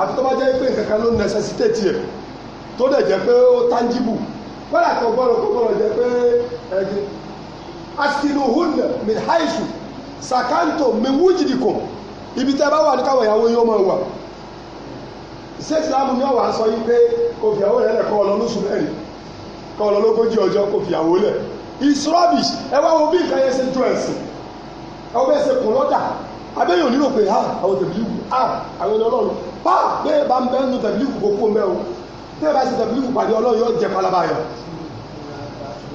àti tó bá jẹ́ pé nǹkan kan ló necessitate ẹ̀ tó dẹ̀ jẹ́ pé ó tangible wọ́n àti ọgbọ́dọ̀ kó gbọ́dọ̀ jẹ́ pé ẹ̀jẹ̀ askinu hunna min haisu sakanto min wujidiko ibi tẹ́ bá wà ní káwọn ìyàwó yóò máa wà ṣé Islam ní ọ̀wà sọ yí pé kò fìyàwó rẹ̀ lẹ̀ kọ́ ọ lọ lóṣù mẹ́rin kọ́ ọ it's rubbish ẹ wá wo bí nǹkan yẹn àwọn bẹ́ẹ̀ ṣe kùn lọ́jà abẹ́yẹ̀ òní rò pé ha ah, àwọn tẹ̀bílíwù ha ah, àwọn ẹni ọlọ́run pa bẹ́ẹ̀ bá ń bẹ́ẹ̀ nu tẹ̀bílíwù kó kó mẹ́ o bẹ́ẹ̀ bá ṣe tẹ̀bílíwù pàdé ọlọ́run yóò jẹ palaba yọ.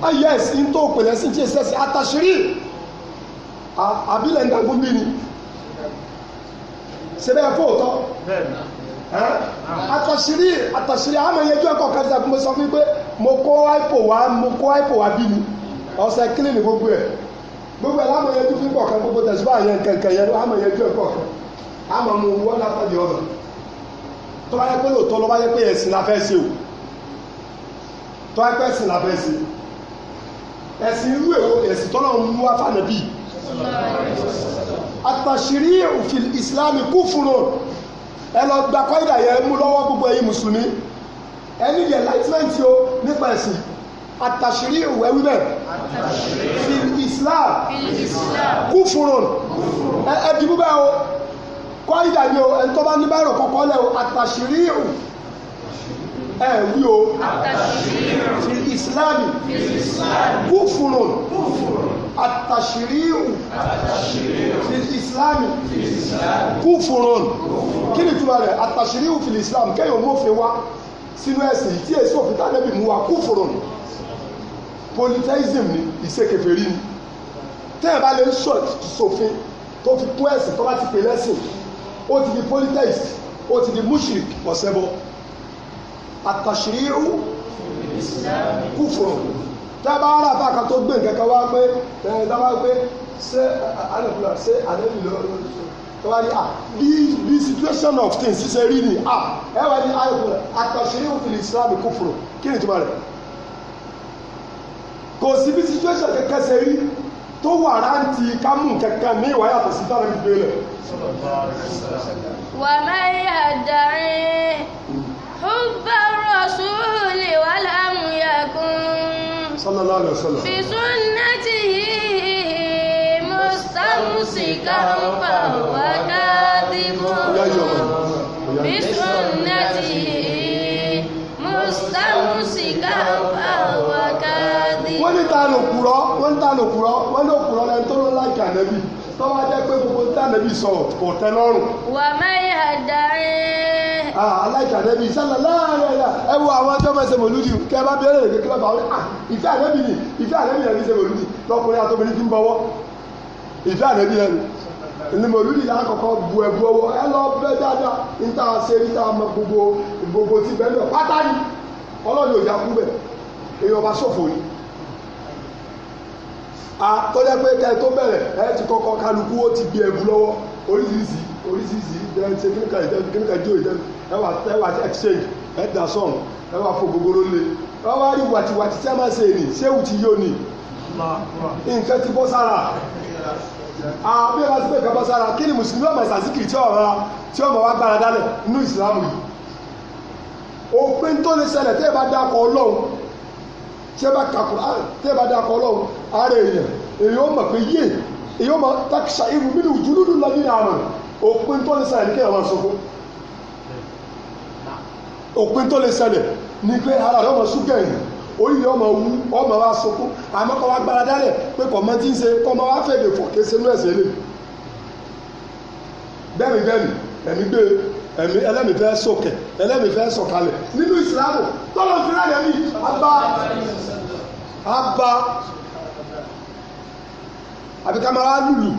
ah yes n tó pèlè sí ti ṣẹ́ṣẹ́ àtàṣírí àbílẹ̀ ń dàgbọ́n bí ni ṣe bẹ́ẹ̀ fóòtọ́ àtàṣírí àtàṣírí àmọ̀ yẹjú ẹ̀kọ́ kan ti sàkúnmọ́ sọ fún mi pé mo kó ipo wá mo kó ipo wá bí ni ọ̀sẹ̀ kílì gbogbo ẹ̀ gbogbo ẹ̀ láàmú yẹn dúpẹ́ kọ̀ọ̀kan gbogbo tẹ̀síwá yẹn kẹ̀kẹ́ yẹn láàmú yẹn dúpẹ́ kọ̀ọ̀kan àmọ́ mo wọ́n látà di ọ̀nà tó bá yẹ pé lóòótọ́ ló bá yẹ pé ẹ̀sìn la fẹ́ ṣe o tó bá yẹ pé ẹ̀sìn la fẹ́ ṣe ẹ̀sìn irú èrò ẹ̀sìn tọ́lọ̀ ń mú afáànà bíi àtàṣírí òfin ìsìláàmù kú fúnra ẹ lọ gba kọ́ńdà yẹn mú lọ́wọ́ gbogbo ẹ̀yin mùsùlùmí ẹ ní yẹ láìsímẹ́ǹtì o nípa ẹ̀sìn àtàṣírí ìwẹ́ fil islam kúfurun ẹ̀ẹ́dì búbẹ̀ o kọ́ ìdàgbé o ẹni tó bá ní báyìí kọ́kọ́ lẹ̀ o àtàṣírí ìwù ẹ̀ wí o islam kúfurun àtàṣírí fil islam kúfurun kí ni túmọ̀ rẹ̀ àtàṣírí ìwù fil islam kẹ́yìn òun ò fi wá sínú ẹ̀sìn tí èso òfin tánẹ́bì mú wa kúfurun polytheism ni ìṣèkèfèrí ni tẹ́yìn bá lè ń ṣòfin tó fi kún ẹ̀sìn tó bá ti pè lẹ́sìn ó ti di polytheist ó ti di mushrik ọ̀sẹ̀bọ àtàṣírírú kúfòrò tábà ara bá kan tó gbé nǹkan kan wá pé tẹ́yìn tábà pé ṣé àlẹ́bùlà ṣé àlẹ́bù lọ́wọ́ tó wá ní à ah, bí bí situation of things ṣe rí ni à ah, ẹ wá ní àlẹ́bùlà àtàṣírírú fìlì Islam kúfòrò kí ni ìtumọ̀ rẹ̀ kò sí bí situation kẹ̀kẹ́ ṣe rí tó wà rántí kámú kẹ̀kẹ́ ní ìwà yàtọ̀ sí dáná gbígbé rẹ̀. wà á máa yà dárín hubba rasuli wà láàmú yakun. sallallahu alaihi wasallam. fi sunnatihi mustamsika fa wà ká. ti ànábì tọ́wọ́ jẹ́ pé gbogbo tí ànábì sọ kò tẹ́ lọ́rùn. wà á máa aláìsí ànábì sálà láàárọ̀ yà ẹ wo àwọn tó máa ṣe mòlúdì kẹ bá bẹ̀rẹ̀ rẹ̀ kékeré bá wọn ìfẹ́ ànábì ni ìfẹ́ ànábì yẹn ní ṣe mòlúdì lọ́kùnrin àtọ́bìnrin ń bọ́wọ́ ìfẹ́ ànábì yẹn ni ni yà àtọ́jà pé ká ẹ tó bẹ̀rẹ̀ ẹ ti kọ́kọ́ kálukú ó ti gbé ẹ̀bù lọ́wọ́ oríṣiríṣi oríṣiríṣi ìdẹ́nse kíníkà ìdẹ́nse kíníkà jó ìdẹ́nse ẹ wà ẹ wà exchange ẹ dà sọ̀n ẹ wà fò gbogbo ló le ẹ wá rí wàtiwàti tí a máa ṣe ni ṣéwù ti yóò ni nǹkan ti bọ́ sára àbí ẹ bá ti pè ká bọ́ sára kí ni mùsùlùmí ọmọ ìsàsíkì tí ọmọ wa tí ọmọ wa gbára dálẹ̀ nínú ìsìlámù yìí òpin tó lè ṣẹlẹ̀ tẹ́ ẹ bá dákọ̀ ọlọ́run tí ẹ bá kakọ tí ẹ bá dakọ ọlọ́run ara èèyàn èyí ó mọ̀ pé yé èyí ó mọ̀ takisa irun mi ni ojú dúdú lọ nínú àmọ́ òpin tó lè ṣẹlẹ̀ ní kéèyàn máa sunkún òpin tó lè ṣẹlẹ̀ ní pé ara rẹ̀ ọmọ súnkẹ̀ yìí orí ọmọ wú ọmọ wa sunkún àmọ́ kọ́ wa gbára dálẹ̀ pé kọ̀ mọ́ tí ń wa fẹ́ bẹ̀ fọ̀ kése ní ẹ̀sẹ̀ lè bẹ́ẹ̀ni bẹ́ẹ̀ni ẹ̀mí gbé ẹ̀mí ẹlẹ́mìí fẹ́ sókè ẹlẹ́mìí fẹ́ sọ̀kalẹ̀ nínú ìsìlámù tọ́lọ̀ fi ráyẹ̀ mí abá abá àbíkámara lùlù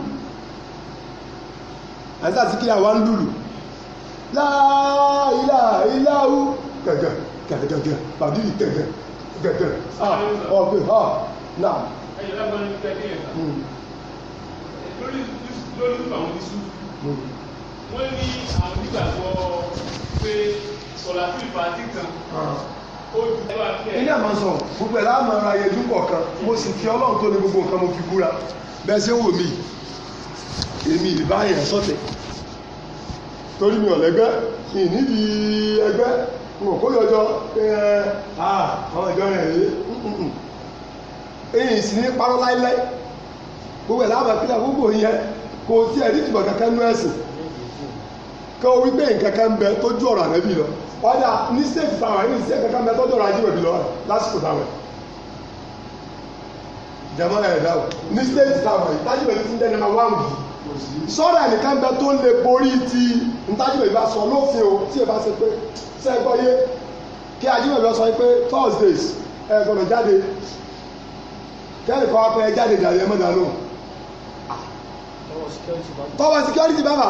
àìsàn àti kílà wà ń lùlù láàílà ìláwú gẹ̀gẹ̀ gẹ̀gẹ̀gẹ̀ bàdìrì gẹ̀gẹ̀ gẹ̀gẹ̀ ah, ọ̀gbìn ọ̀ ah, náà. ẹ̀yìn lágbọ́n ní kẹ́kẹ́ yẹn hmm. lórí lórí àwọn iṣu wọ́n ní àwọn onígbàgbọ́ pé sọ̀lá fún ìfàtí kan ilé ah. àmọ́ sọ gbogbo ẹ̀ láàmú ara yẹjú kọ̀ọ̀kan mo sì fi ọlọ́run tó ní gbogbo nǹkan mo fi búra bẹ́ẹ̀ ṣe ń wò mí èmi ìbáyẹn sọ́tẹ̀ torí mi ò lẹ́gbẹ́ ìníbi ẹgbẹ́ wọn kó yọjọ ẹ àwọn ìjọ rẹ̀ rí èyí sì ní parọ́ láíláí gbogbo ẹ̀ láàmú àpilẹ̀ gbogbo yẹn kò tí ẹ̀ ní ìtumọ̀ kankan nú ẹ̀sìn kan wí pé nǹkan kan bẹ tó ju ọ̀rọ̀ ànábì lọ ọ̀dà ní sèkì táwọn ẹni sèkì kankan bẹ tó ju ọ̀rọ̀ àjíbẹ̀bí lọ lásìkò táwọn jama ẹ̀dá o ní sèkì táwọn ìtajíbẹ̀bí ti ń dẹ́nu máa wáhùn yìí sọ́dà nìkan bẹ tó lè borí ti ìtajíbẹ̀bí bá sọ lófin o tí ẹ bá ṣe pé sẹ́gbọ́ yé kí àjíbẹ̀bí sọ pé Thursdays ẹ gbọ́dọ̀ jáde kẹ́rìkọ́ apẹ́ jáde jáde ẹ mọ́ ah, dànù tọ́wọ́ security bàbá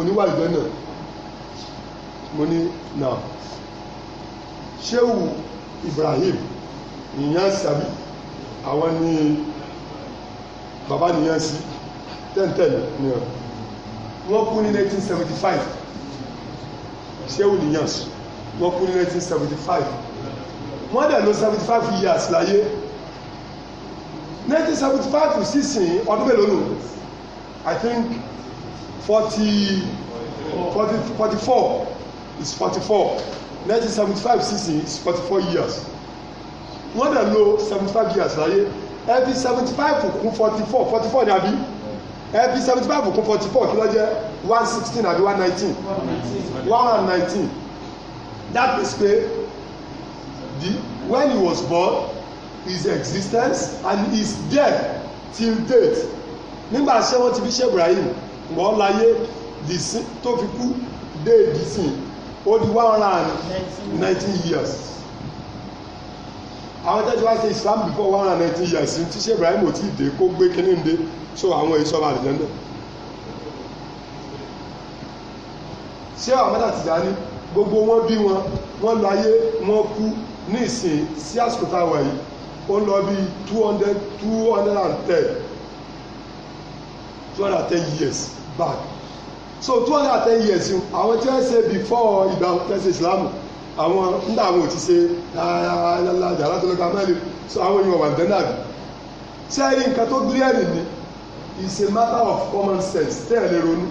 oníwà ìgbẹ́nà mo ní nà Shehu Ibrahim ìyàn sàbí àwọn ní bàbá nìyàn sí tẹ́ntẹ́lẹ̀ ni wọ́n kú ní 1975 Shehu nìyàn sí wọ́n kú ní 1975 wọ́n dẹ̀ lò 75 years láyé 1975 sísìn ọdún mélòó nù I think forty forty forty four is forty four nineteen seventy five sixteen is forty four years wọ́n dẹ̀ lò seventy five years láyé every seventy five kún forty four forty four ni àbí every seventy five kún forty four kí ló jẹ́ one sixteen àbí one nineteen one and nineteen that means pé the when he was born his existence and his death till date nígbà ṣé wọ́n ti bí ṣe Ibrahim gbọ́ láyé dìsín tó fi kú dé dìsín ó di one and nineteen years àwọn tẹ́tí wá ṣe Islam before one and nineteen years tí ṣe Ibrahim ò tí ì dé kó gbé kínní dé so àwọn èso ọba àdìjẹ́ náà ṣé àwọn mẹ́ta ti dání gbogbo wọn bí wọn wọn lọ ayé wọn kú ní ìsìn sí àsìkò táwọn yìí ó lọ bí two hundred two hundred and ten two hundred and ten years back so two hundred and ten years àwọn tí wọ́n ṣe before ìgbà tẹ̀sí ìsìlámù àwọn nígbà àwọn ò ti ṣe jàrá tó lọ́ka mẹ́rin so àwọn èèyàn wà dẹ́nà bí sẹ́yìn nǹkan tó gbé ẹ̀rìn ni is a matter of common sense tẹ́ẹ̀lẹ́ ronú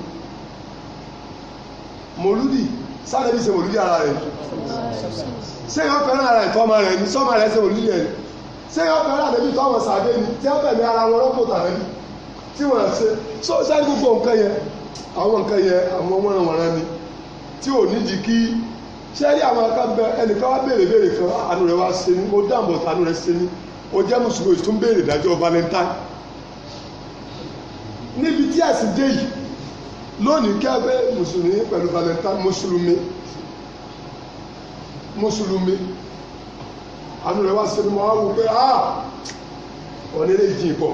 mòlúdì sáré bí ṣe mòlúdì ara rẹ̀ sẹ́yìn ọ̀fẹ́ràn ara ìtọ́mọ rẹ̀ ní sọ́mọ rẹ̀ ṣe mòlúdì rẹ̀ sẹ́yìn ọ̀fẹ́ràn àdébí tọ́mọ sàdé ni tẹ́ọ̀fẹ́ mi ara wọn rọ́pò tàbí tí wọ́n ṣe so sáré gbogbo nǹkan yẹn àwọn nǹkan yẹn àwọn wọ́nranwọ̀nran ni tí ò nídìí kí sẹ́rí àwọn akábẹ́ ẹnìkan wá béèrè béèrè kan àánú rẹ̀ wá ṣe ní ó dáàbò àánú rẹ̀ ṣe ni ó jẹ́ mùsùlùmí tó ń béèrè ìdájọ́ valentine níbi tí àsìn dé yìí lónìí kí a gbé mùsùlùmí pẹ̀lú valentine mùsùlùmí mùsùlùmí àánú rẹ̀ wá ṣe ní mo wá wò pé ah ọ̀nẹ́lẹ̀ yìí bọ̀.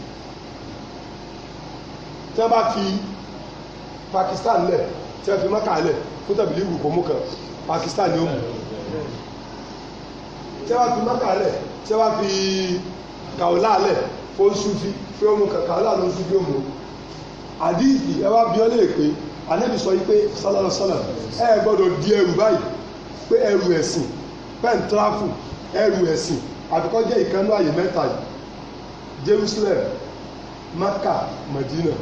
tí wọ́n bá fi Pakistan lẹ̀ tí wọ́n fi mọ́kà lẹ̀ fún tẹ̀bílì ìwù kò kan Pakistan ni ó mú tí wọ́n fi mọ́kà lẹ̀ tí wọ́n fi kàwọ́lá lẹ̀ fún sufi fún ọmọ kàwọ́lá ló ń sufi ọmọ àdìsí ẹ wá bí ọ lè pé Ànábì sọ yìí pé sálọ́sọ́lá ẹ gbọ́dọ̀ di ẹrù báyìí pé ẹrù ẹ̀sìn pẹ́ǹtráfù ẹrù ẹ̀sìn àfikọ́ jẹ́ ìkànnú àyè mẹ́ta yìí Jerusalem Maka Medina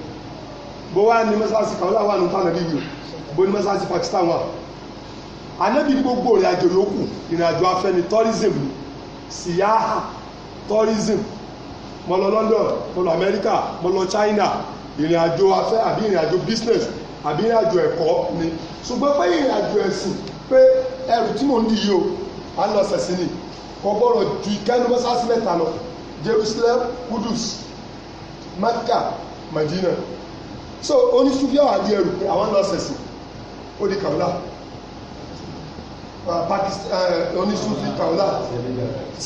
bó wá ní mọ́sálásí kan láwọn àánú tánà bí wù bó ní mọ́sálásí Pakistan wa anábì gbogbo ìrìn àjò yòókù ìrìn àjò afẹ́ ni tourism siyaha tourism mo lọ London mo lọ America mo lọ China ìrìn àjò afẹ́ àbí ìrìn àjò business àbí ìrìn àjò ẹ̀kọ́ ni ṣùgbọ́n pé ìrìn àjò ẹ̀sìn pé ẹrù tí mò ń dìyí o à ń lọ sẹ̀sìn ni kò gbọ́dọ̀ ju ìkẹ́nu mọ́sálásí mẹ́ta lọ Jerusalem Kudus Mecca Medina so oníṣubíà àdí ẹrù pé àwọn lọ sẹ̀sìn ó di kàwlá oníṣubí kàwlá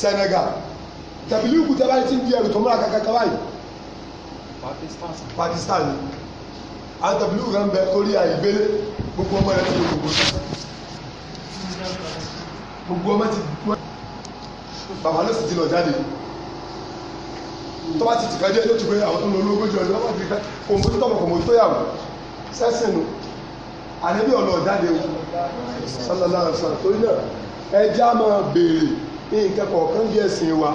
Senegal tẹ̀bílì ìkú tẹ́lá ti ń di ẹrù tó múra kankan báyìí Pakistan àwọn tẹ̀bílì ìkú kan bẹ torí àìgbélé gbogbo ọmọ rẹ ti lè gbogbo gbogbo ọmọ ti bàbá ló sì ti lọ jáde tó bá ti tìka díẹ̀ yóò ti pé àwọn tó lọ ológójì ọdún lọ́wọ́ ti fẹ́ òun tó tọmọ kò mọ tó yàwó sẹ́sìn nù àníbí ọ̀nà ọ̀jáde wù sálálá ọ̀sán torí ẹja máa béèrè nǹkan kọ̀ọ̀kan bí ẹ̀sìn wa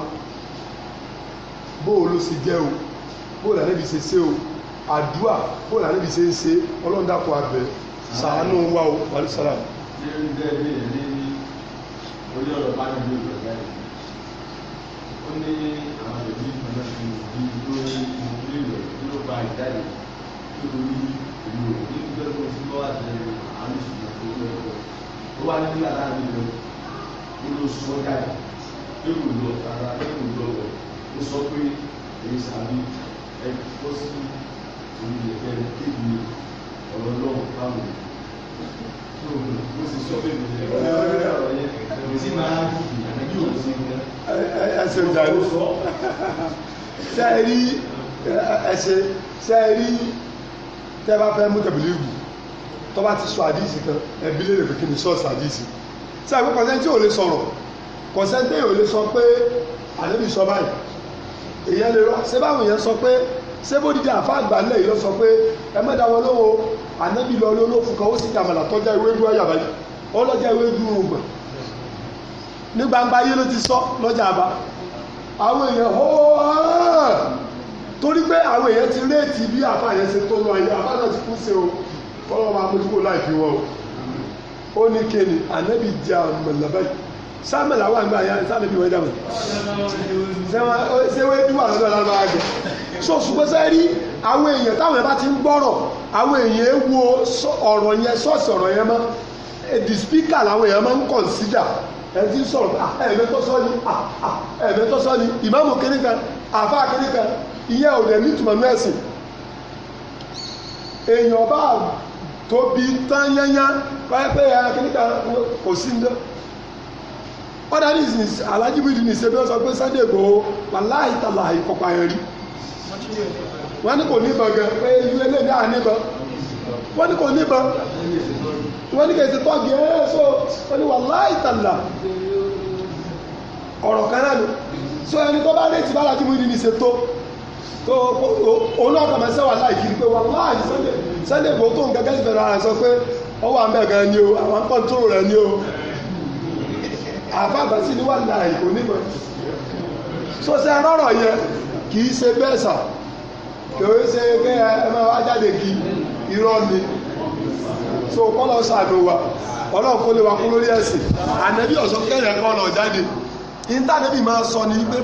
bóò ló jẹ́ o bóò lànà ibi ṣe ṣe o àdúà bóò lànà ibi ṣe ń ṣe ọlọ́run dàpọ̀ abẹ sàánú wa o wàlúùsàlámù. ṣé ń bẹ́ẹ̀ ní orí ọ̀rọ̀ bá ní ìlú ìgbàgbọ́ ó ní àwọn ìlú ìpínlẹ̀ fi bí lórí ìlú rẹ̀ tí ó bá ìjáde nítorí ìlú rẹ̀ ní ìgbẹ́ tó ti bọ́ àti àwọn ìṣúná tó ń lọ ó wá ní àláàrin lọ ó ló sọ jáde lérò lọ ara mo sì sọ pé mi lè ọ̀rọ̀ yẹn ti sọ àdìsí kan ẹbí lè fi kí ni sọ́ọ̀sì àdìsí. ṣé àgbẹ̀ kọ́sẹ́ntì ò lè sọ̀rọ̀ kọ́sẹ́ntì ò lè sọ pé àdébì sọ báyìí èèyàn lè rọ ṣé báwọn sọ pé ṣé bó dídá lọ sọ pé ẹ ànábì lọ rí olófin kan ó sì dàmàlà tọ́já ewédú ọ̀yàbá yìí ọlọ́jà ewédú ògbọ̀n ní gbangba ayé ló ti sọ lọ́jà àbá àwọn èèyàn hóòó ah! torí pé àwọn èèyàn ti réètì bí àfa yẹn ṣe tó lọ ayé àfa náà ti kú sí o fọlọ́wọ́ máa mójúkó láì fi wọ́n o ó ní kéde ànábì jẹ àmàlà báyìí sáàmù làwọn àgbà yà sáàmù bí wọ́n dàmù sẹ́wọ́n ẹbí wà lọ́dọ̀ lálọ́ àgbẹ̀ so ṣùgbọ́n sẹ́ rí àwọn èèyàn táwọn bá ti ń gbọ́rọ̀ àwọn èèyàn wo ọ̀rọ̀ yẹn sọ́ọ̀sì ọ̀rọ̀ yẹn mọ́ di e, speaker làwọn èèyàn máa ń consider ah, ẹ ti sọ̀rọ̀ ẹ̀ẹ̀mẹ́ tó sọ ni ah, ah, ẹ̀ẹ̀mẹ́ tó sọ ni ìmáàmù kéré kan àáfàá kéré kan ìyẹn ò dẹ̀ ní ìtumọ̀ mẹ́sìn èèyàn bá tóbi tán yányá wáyé pé ẹ̀ kéré kan kò sí ní ọ̀dà ní ìsìn alájí bíi ní ìṣẹ́bí ọ̀sán pé Sunday Igboho wàláì tàlà ìkọ̀pá yẹn rí wọ́n ní kò níbọn gan pé ilé lè dá níbọn wọ́n ní kò níbọn wọ́n ní kèsì tọ́gì ẹ́ so wọ́n ní wàláì tàlà ọ̀rọ̀ kan náà ni so ẹni tó bá rétí bá alájí bíi ní ìṣe tó tó òun náà kàmá sẹ́wà láì kiri pé wàláì Sunday Igboho tó ń gẹ́gẹ́ sí fẹ́ràn sọ pé ọwọ́ àmì ẹ̀gàn ni o àwọn kọ́ńtò rẹ̀ ni àfa àbàṣì ni wà láàyè kò ní mọ̀ so ṣe rọrọ̀ yẹn kì í ṣe bẹ́ẹ̀ sà kèwé ṣe kẹ́ ẹ máa wá jáde kí irọ́ ni so kọ́lọ́ sàánú wa ọlọ́run kó lè wa kú lórí ẹ̀sìn ànẹ́bí ọ̀sán kẹ́yìn kọ́ lọ jáde ìntànẹ́bí máa sọ ni pé